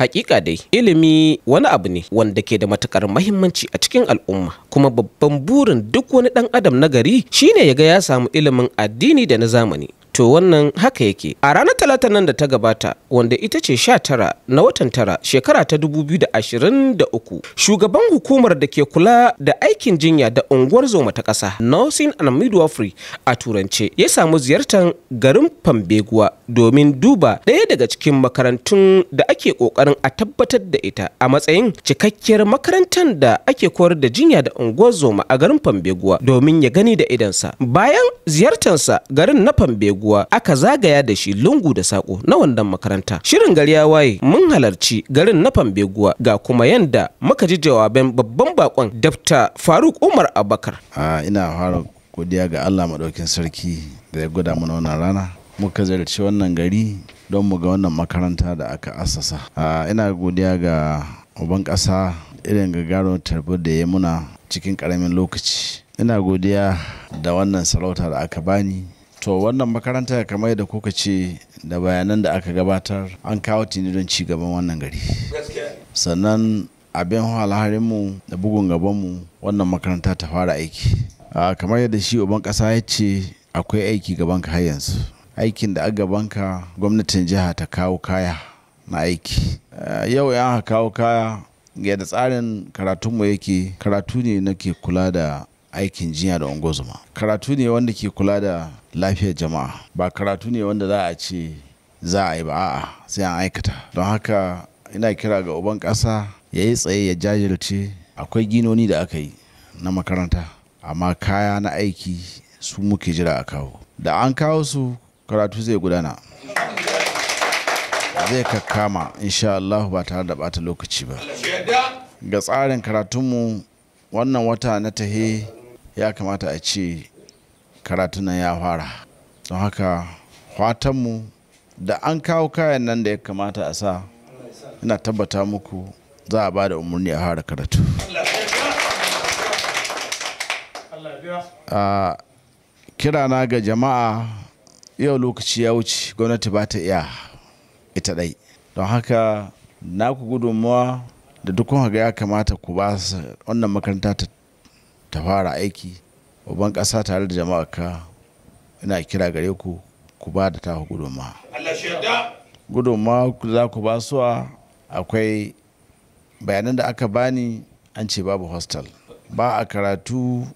Hakika dai ilimi wani abu ne wanda ke da matukar mahimmanci a cikin al'umma kuma babban burin duk wani dan adam na gari shine ya ga ya samu ilimin addini da na zamani to wannan haka yake a ranar talata nan da ta gabata wanda ita ce sha tara na watan tara shekara ta dubu biyu da ashirin da uku shugaban hukumar da ke kula da aikin jinya da unguwar zoma ta ƙasa nursing and midwifery a turance ya samu ziyartar garin pambeguwa domin duba ɗaya daga cikin makarantun da ake ƙoƙarin a tabbatar da ita a matsayin cikakkiyar makarantar da ake koyar da jinya da unguwar zoma a garin pambeguwa domin ya gani da idansa bayan ziyartarsa garin na pambeguwa unguwa aka zagaya da shi lungu da sako na wannan makaranta shirin gari ya waye mun halarci garin na fambeguwa ga kuma yanda muka ji jawaben babban bakon dafta faruk umar abakar a ina fara godiya ga allah maɗaukin sarki da ya gwada mana wannan rana muka ziyarci wannan gari don mu ga wannan makaranta da aka asasa. ina godiya ga uban ƙasa irin gagarin tarbar da ya muna cikin ƙaramin lokaci ina godiya da wannan sarauta da aka bani to wannan makaranta kamar da kuka ce da bayanan da aka gabatar an kawo tuni don ci gaban wannan gari sannan abin mu da bugun gabanmu wannan makaranta ta fara aiki a kamar yadda shi uban kasa ya ce akwai aiki gabanka har yanzu aikin da a gabanka gwamnatin jiha ta kawo kaya na aiki yau ya kawo kaya ga da tsarin karatunmu yake karatu ne nake kula da aikin jinya da ungozuma karatu ne wanda ke kula da lafiyar jama'a ba karatu ne wanda za a ce za a yi ba a'a sai an aikata don haka ina kira ga uban ƙasa ya yi tsaye ya jajirce akwai ginoni da aka yi na makaranta amma kaya na aiki su muke jira a kawo da an kawo su karatu zai gudana zai kakama. insha Allah ba tare da bata lokaci ba ga tsarin karatunmu wannan wata na tahe ya kamata a ce karatun nan ya fara don haka fatanmu da an kawo kayan nan da ya kamata a sa ina tabbata muku za a ba da umarni a fara karatu a kirana ga jama'a yau lokaci ya wuce gwamnati ba ta iya ita dai don haka na ku gudunmawa da duk ya kamata ku ba wannan makaranta ta ta fara aiki babban ƙasa tare da jama'a ka ina kira gare ku ku ba da ta guduma gudunma za ku ba su akwai bayanan da aka bani an ce babu hostel ba a karatu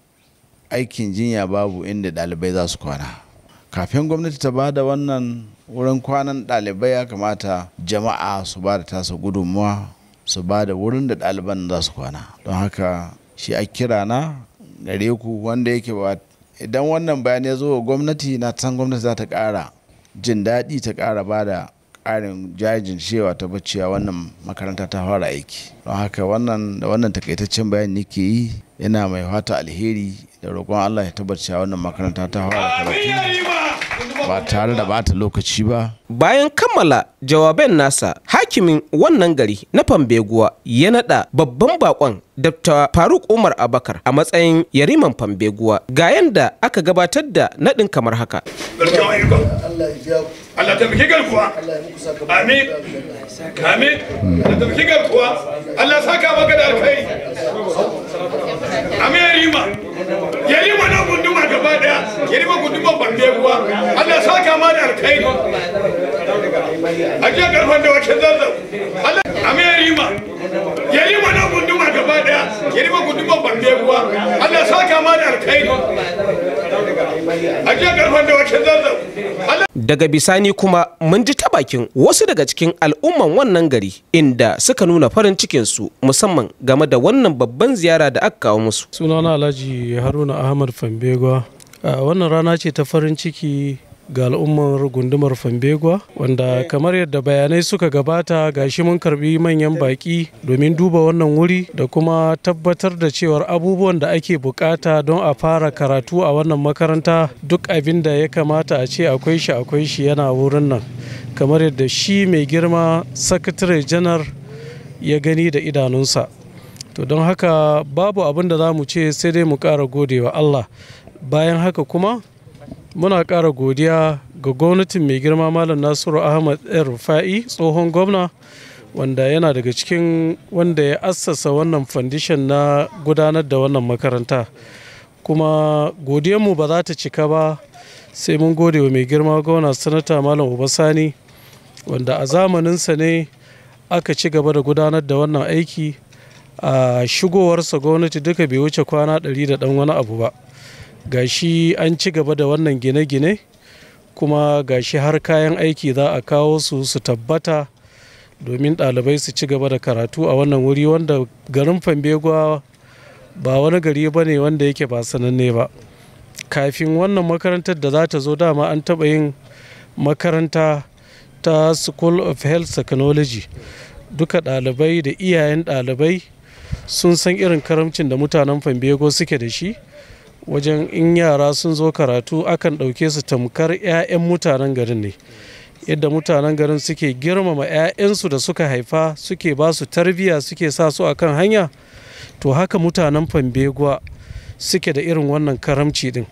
aikin jinya babu inda ɗalibai za su kwana kafin gwamnati ta ba da wannan wurin kwanan ɗalibai ya kamata jama'a su ba da tasa gudunmuwa su ba da wurin da ɗaliban za su kwana don haka shi a kira na gare ku wanda yake ba idan wannan bayan ya zo gwamnati na san gwamnati za ta ƙara jin daɗi ta ƙara ba da ƙarin jajin shewa ta bacciya wannan makaranta ta fara aiki don haka wannan da wannan takaitaccen bayan nake yi yana mai fata alheri da roƙon allah ya tabbatar wannan makaranta ta fara karatu ba tare da bata lokaci ba. Bayan kammala jawaben nasa hakimin wannan gari na Fambeguwa ya naɗa babban bakon Dr. Faruk Umar Abakar a matsayin yariman Fambeguwa ga yanda aka gabatar da naɗin kamar haka. Allah ta garkuwa. Allah ta garkuwa. Allah saka maka da alkai. Amin yarima. gaba daya ya rima gudunman barbe kuwa Allah saka ma da alkhairi a jiya karfan da wacce zazzau Allah a ya rima ya rima na gudunma gaba daya ya rima gudunman barbe kuwa Allah saka ma da alkhairi a jiya karfan da wacce zazzau Daga bisani kuma mun ji ta bakin wasu daga cikin al'umman wannan gari inda suka nuna farin cikinsu musamman game da wannan babban ziyara da aka kawo musu. Sunana Alhaji Haruna Ahmad Fambegwa wannan rana ce ta farin ciki ga al'ummar gundumar fambegwa wanda eh. kamar yadda bayanai suka gabata ga shi mun karbi manyan eh. baki domin duba wannan wuri da kuma tabbatar da cewar abubuwan da ake bukata don a fara karatu a wannan makaranta duk abin da ya kamata a ce akwai shi akwai shi yana wurin nan kamar yadda shi mai girma sakatare janar ya gani da idanunsa to don haka babu abin da za mu ce sai dai mu ƙara godewa allah bayan haka kuma muna ƙara godiya ga gwamnatin mai girma malam nasiru ahmad rufa'i tsohon gwamna wanda yana daga cikin wanda ya assasa wannan fandishin na gudanar da wannan makaranta kuma godiyanmu ba za ta cika ba sai mun gode wa mai girma gwamna sanata malam obasani wanda a zamaninsa ne aka ci gaba da gudanar da wannan aiki a shigowarsa gwamnati duka bai wuce kwana ɗari da ɗan wani abu ba gashi an ci gaba da wannan gine-gine kuma gashi har kayan aiki za a kawo su su tabbata domin ɗalibai su ci gaba da karatu a wannan wuri wanda garin fambegwa ba wani gari ba ne wanda yake ba sananne ba kafin wannan makarantar da za ta zo dama an taɓa yin makaranta ta school of health technology duka ɗalibai da iyayen ɗalibai sun san irin karamcin da mutanen fambego suke da shi wajen in yara sun zo karatu akan ɗauke su tamkar 'ya'yan mutanen garin ne yadda mutanen garin suke girmama 'ya'yansu da suka haifa suke ba su tarbiyya suke sa su akan hanya to haka mutanen fambeguwa suke da irin wannan karamci din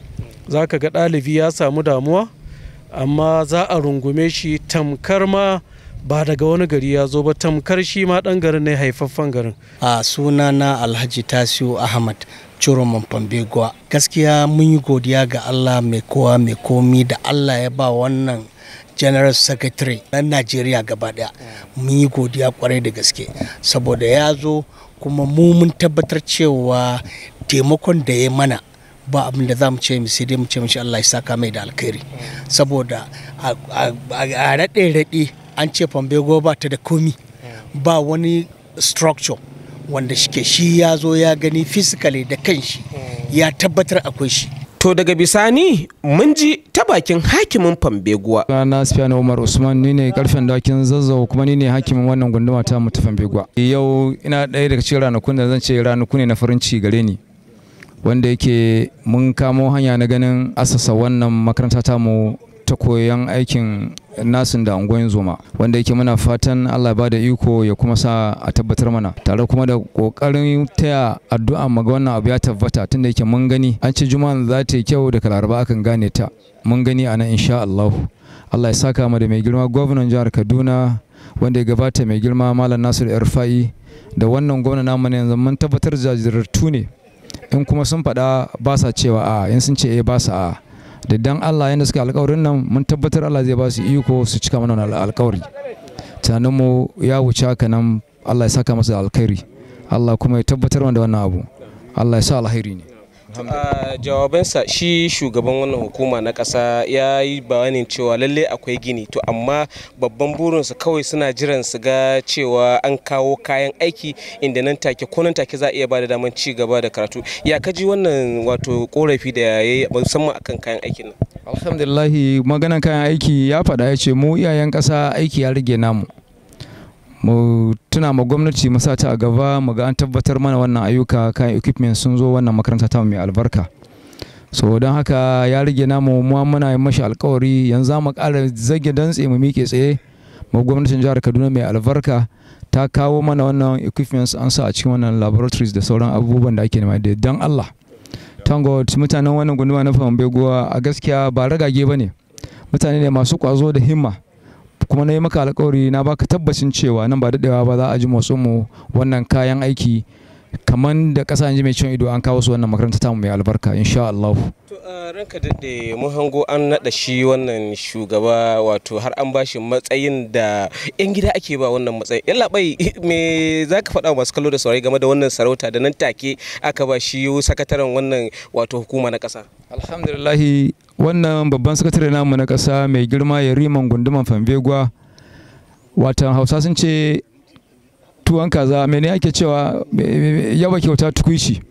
za ka ga ɗalibi ya samu damuwa amma za a rungume shi tamkar ma ba daga wani gari ya zo ba tamkar shi ma dan garin ne haifaffen garin a suna na alhaji tasiu ahmad Churuman Pambegwa. Gaskiya mun yi godiya ga Allah mai kowa mai komi da Allah ya ba wannan General Secretary na Najeriya gaba daya. Mun yi godiya kwarai da gaske saboda ya zo kuma mu mun tabbatar cewa taimakon da ya mana ba abin da za mu ce sai dai mu ce mishi Allah ya saka mai da alkhairi saboda a raɗe-raɗe an ce fambego ba ta da komi ba wani structure wanda shike shi ya zo ya gani physically da kanshi ya tabbatar akwai shi to daga bisani mun ji ta bakin hakimin fambeguwa rana na umar usman ni ne karfen dakin zazzau kuma ni ne hakimin wannan gunduma ta mutu fambeguwa yau ina ɗaya daga cikin ranakun da zan ce ranaku ne na farin ci gare ni wanda yake mun kamo hanya na ganin asasa wannan makaranta ta mu ta koyon aikin nasin da unguwan zoma wanda yake muna fatan Allah ba da iko ya kuma sa a tabbatar mana tare kuma da kokarin taya addu'a maga wannan abu ya tabbata tunda yake mun gani an ce juma'an za ta yi kyau da kalaraba akan gane ta mun gani a nan insha Allah Allah ya saka mu da mai girma gwamnan jihar Kaduna wanda ya gabata mai girma Malam Nasir Irfa'i da wannan gwamna namu ne yanzu mun tabbatar jajirtu ne in kuma sun faɗa ba sa cewa a in sun ce eh ba sa a da dan Allah yanda suka alƙawarin nan mun tabbatar Allah zai ba su iko su cika mana alƙawari tunanin mu ya wuce haka nan Allah ya saka masa alkhairi Allah kuma ya tabbatar wanda wannan abu Allah ya sa alkhairi ne a ah, jawabansa shi shugaban wannan hukuma na kasa ya yi bayanin cewa lalle akwai gini to amma babban burinsu kawai suna jiran su ga cewa an kawo kayan aiki inda nan take ko nan take za a iya ba da daman ci gaba da karatu ya kaji wannan wato korafi da ya yi musamman akan kayan aikin nan alhamdulillah maganan kayan aiki ya faɗa ya ce mu iyayen ƙasa aiki ya rage namu mu tuna ma gwamnati mu sa a gaba mu ga an tabbatar mana wannan ayyuka kan equipment sun zo wannan makaranta ta mai albarka so don haka ya rage namu mu muna yi mashi alkawari yanzu za mu ƙara zage dantse mu miƙe tsaye mu gwamnatin jihar Kaduna mai albarka ta kawo mana wannan equipments an sa a cikin wannan laboratories da sauran abubuwan da ake nema da dan Allah tango mutanen wannan gunduma na fahimbe a gaskiya ba ragage bane mutane ne masu kwazo da himma kuma na yi maka alkawari na baka tabbacin cewa nan ba daɗewa ba za a ji motsin mu wannan kayan aiki kamar da ƙasa an ji mai cin ido an kawo su wannan makaranta tamu mai albarka insha Allah ranka daɗe mun hango an naɗa shi wannan shugaba wato har an bashi matsayin da 'yan gida ake ba wannan matsayin yalla bai me za ka faɗa masu kallo da saurari game da wannan sarauta da nan take aka ba shi sakataren wannan wato hukuma na ƙasa alhamdulillah wannan babban sakatare namu na ƙasa mai girma ya riman gunduman fanbegwa watan hausa sun ce tuwon kaza mene ake cewa yawa kyauta tukuici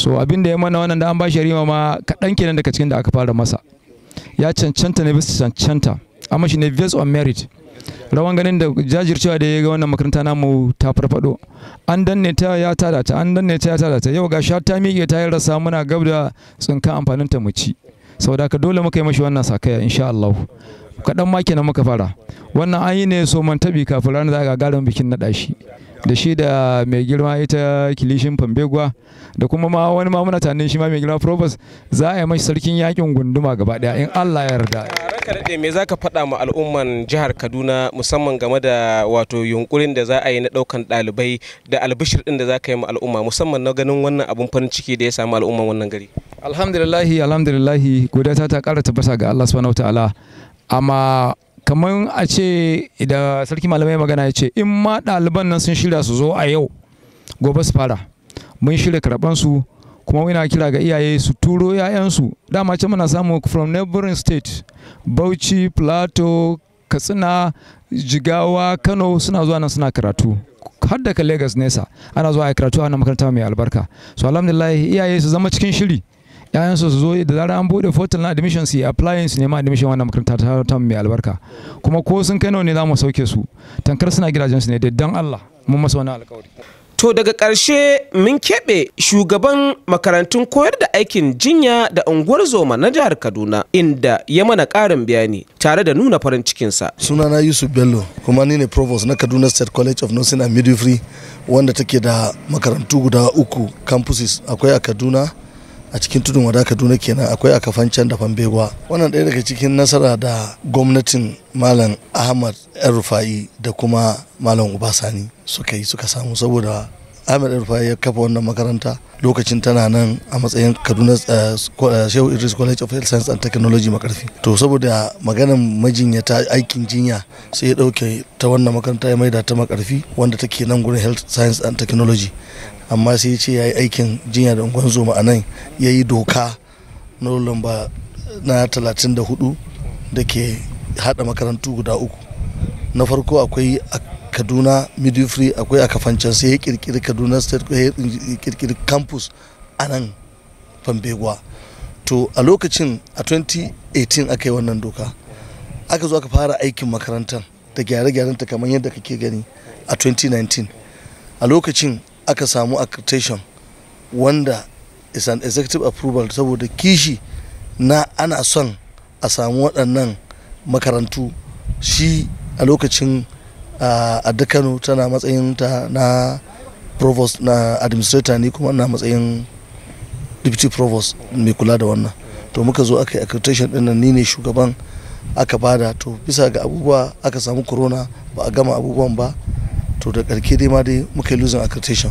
so abin da ya mana wannan da an ba shi rima ma kaɗan kenan daga cikin da aka fara masa ya cancanta ne bisa cancanta amma shi ne based on merit rawan ganin da jajircewa da ya ga wannan makaranta namu ta farfado an danne ta ya tada ta an danne ta ya tada ta yau ga sha ta miƙe ta yi rasa muna gab da tsinka amfanin ta mu ci saboda ka dole muka yi mashi wannan sakaya insha Allah kaɗan ma kenan muka fara wannan an yi ne so man tabi kafin ranar da aka garin bikin na shi da shi da mai girma ita kilishin fambegwa da kuma ma wani mamuna muna tanin shi ma mai girma provost za a yi mashi sarkin yakin gunduma gaba daya in Allah ya yarda ranka daɗe me ka faɗa ma al'umman jihar Kaduna musamman game da wato yunkurin da za a yi na ɗaukan ɗalibai da albishir ɗin da za ka yi ma al'umma musamman na ganin wannan abun farin ciki da ya samu al'umman wannan gari alhamdulillahi alhamdulillahi godiya ta ta ƙara tabbata ga Allah subhanahu wataala amma kamar a ce da sarki malamai magana ya ce in ma ɗaliban nan sun shirya su zo a yau gobe su fara mun shirya karɓansu kuma ina kira ga iyaye su turo 'ya'yansu dama ce muna samu from neighboring state bauchi plato katsina jigawa kano suna zuwa nan suna karatu har daga lagos nesa ana zuwa a karatu a wannan makaranta mai albarka so alhamdulillah iyaye su zama cikin shiri yayan su zo da zarar an bude portal na admission su applying su nema admission wannan makaranta ta ta mai albarka kuma ko sun kai nawa ne za mu sauke su tankar suna gidajen su ne da dan Allah mun masa wani alƙawari To daga ƙarshe mun keɓe shugaban makarantun koyar da aikin jinya da unguwar zoma na jihar Kaduna inda ya mana ƙarin bayani tare da nuna farin cikinsa. Sunana Yusuf Bello kuma ni ne provost na Kaduna State College of Nursing and Midwifery wanda take da makarantu guda uku campuses akwai a Kaduna a cikin tudun wada kaduna kenan akwai a kafan can da fambewa wannan ɗaya daga cikin nasara da gwamnatin malam ahmad yan rufa'i da kuma malam ubasani suka yi suka samu saboda ahmad yan rufa'i ya kafa wannan makaranta lokacin tana nan a matsayin kaduna eh, shehu idris college of health science and technology makarfi to saboda maganan majinyata aikin jinya sai ya dauke ta wannan makaranta ya maida ta makarfi wanda take nan gurin health science and technology amma sai ce ya yi aikin jinya da ungon zoma a nan ya yi doka na lamba na 34 da ke hada makarantu guda uku na farko akwai a kaduna midifri akwai a kafancan sai ya kirkiri kaduna state ya kirkiri campus a nan fambegwa to a lokacin a 2018 aka yi wannan doka aka zo aka fara aikin makarantar da gyare-gyaren ta kamar yadda kake gani a 2019 a lokacin aka samu accreditation wanda is an executive approval saboda kishi na ana son a samu waɗannan makarantu shi a lokacin ah, a Kano tana matsayin ta na provost na administrator ne kuma na matsayin deputy provost mai kula da wannan to muka zo aka yi accreditation din nan ne shugaban aka bada to bisa ga abubuwa aka samu corona ba a gama abubuwan ba to da karke dai ma dai muka yi losing accreditation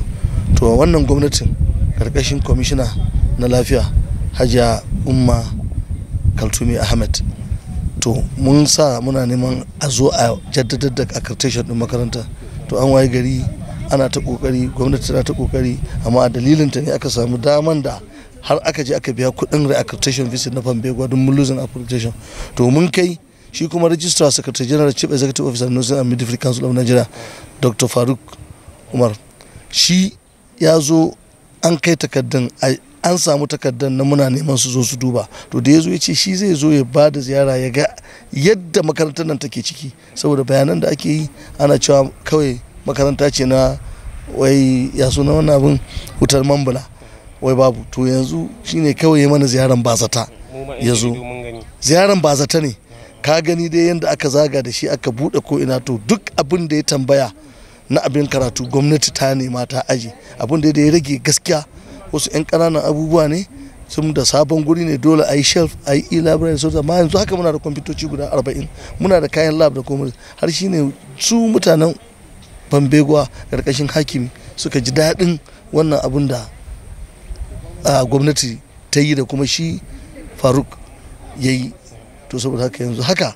to wannan gwamnatin karkashin kwamishina na lafiya hajiya umma kaltumi ahmed to mun sa muna neman a zo a jaddadar da accreditation din makaranta to an waye gari ana ta kokari gwamnati tana ta kokari amma a dalilin ta ne aka samu daman da har aka je aka biya kudin re-accreditation visit na fambe gwadon mulusin losing accreditation to mun kai shi kuma registrar secretary general chief executive officer nursing and midwifery council of nigeria dr faruk umar shi ya zo an kai takardan an samu takardar na muna neman su zo su duba to da ya zo ya ce shi zai zo ya ba da ziyara ya ga yadda makarantar nan take ciki saboda bayanan da ake yi ana cewa kawai makaranta ce na wai ya na wani abin wutar mambula wai babu to yanzu shine kawai ya mana ziyaran bazata ya zo ziyaran bazata ne ka gani dai yadda aka zaga da shi aka buɗe ko ina to duk abin da ya tambaya na abin karatu gwamnati ta nema ta aji abin da ya rage gaskiya wasu 'yan ƙananan abubuwa ne sun da sabon guri ne dole a yi shelf a yi e-library so da yanzu haka muna da kwamfutoci guda 40 muna da kayan lab da komai har shi ne su mutanen bambegwa karkashin hakimi suka ji daɗin wannan abin da gwamnati ta yi da kuma shi faruk ya yi to saboda haka yanzu haka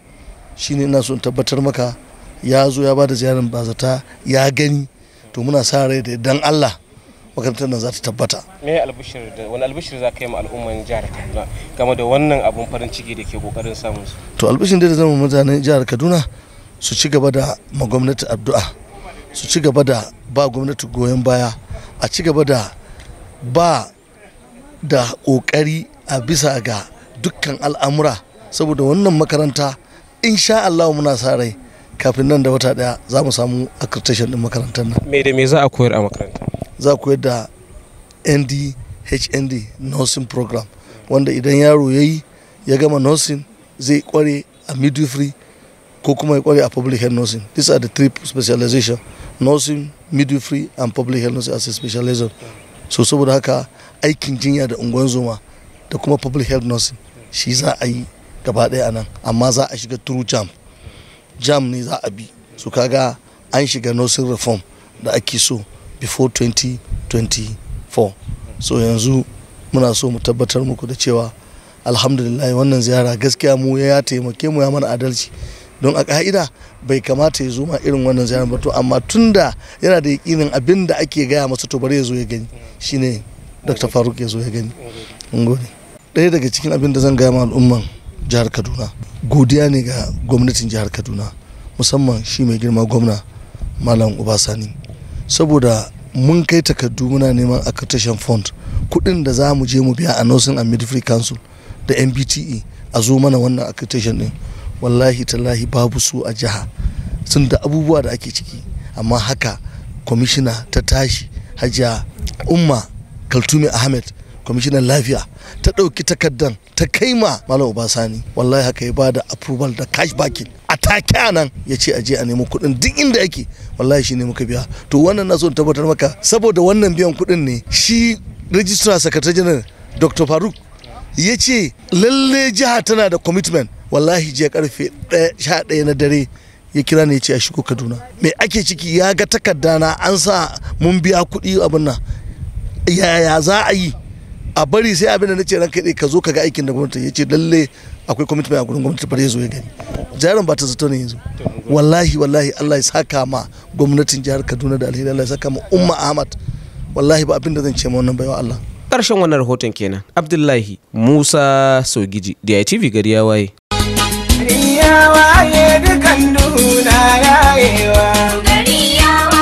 shine ina son tabbatar maka ya zo ya bada ziyarar bazata ya gani to muna sa rai da dan Allah makarantar nan za ta tabbata. Me albishir da wani albishir za ka yi ma al'umman jihar Kaduna game da wannan abun farin ciki da ke kokarin samun su. To albishin da zama mutanen jihar Kaduna su ci gaba da ma gwamnati addu'a su ci gaba da ba gwamnati goyon baya a ci gaba da ba da kokari a bisa ga dukkan al'amura saboda wannan makaranta insha Allah muna sa rai kafin nan da wata daya za mu samu accreditation din makarantar nan me da me za a koyar a makaranta za a koyar da ND HND nursing program wanda idan yaro yayi ya gama nursing zai kware a midwifery ko kuma ya kware a public health nursing these are the three specialization nursing midwifery and public health nursing as a specialization so saboda haka aikin jinya da unguwan da kuma public health nursing shi za a yi gaba ɗaya nan amma za a shiga true jam jam ne za a bi su kaga an shiga nursing reform da ake so before 2024 so yanzu muna so mu tabbatar muku da cewa alhamdulillah wannan ziyara gaskiya mu ya taimake mu ya mana adalci don a ka'ida bai kamata ya zo ma irin wannan ziyara ba to amma tunda yana da yakinin abin da ake gaya masa to bari ya zo ya gani shine dr faruk ya zo ya gani ɗaya daga cikin abin da zan gaya ma al'umman jihar kaduna godiya ne ga gwamnatin jihar kaduna musamman shi mai girma gwamna malam obasani saboda mun kai takardu muna neman accreditation fund kudin da za mu je mu biya a nursing and midwifery council da mbte a zo mana wannan accreditation din wallahi tallahi babu su a jiha sun da abubuwa da ake ciki amma haka kwamishina ta tashi hajiya umma kaltumi ahmed kwamishinan lafiya ta ɗauki takardan ta kai ma malam obasani wallahi haka ya ba da approval da cash backing a take a nan ya ce aje a nemo kuɗin duk inda yake wallahi shi ne muka biya to wannan na son in tabbatar maka saboda wannan biyan kuɗin ne shi registrar secretary general dr faruk ya ce lalle jiha tana da commitment wallahi jiya karfe 11 na dare ya kira ne ya ce a shigo kaduna me ake ciki ya ga takarda na an sa mun biya kuɗi abin nan yaya za a yi a bari sai abin da nace ranka dai ka zo ka ga aikin da gwamnati ya ce lalle akwai commitment a gurin gwamnati bare zo ya gani jaran ba ta zato ne yanzu wallahi wallahi Allah ya saka ma gwamnatin jihar Kaduna da alheri Allah ya saka ma umma Ahmad wallahi ba abin da zan ce ma wannan baiwa Allah karshen wannan rahoton kenan Abdullahi Musa Sogiji DITV gari ya waye ya waye dukan gari ya waye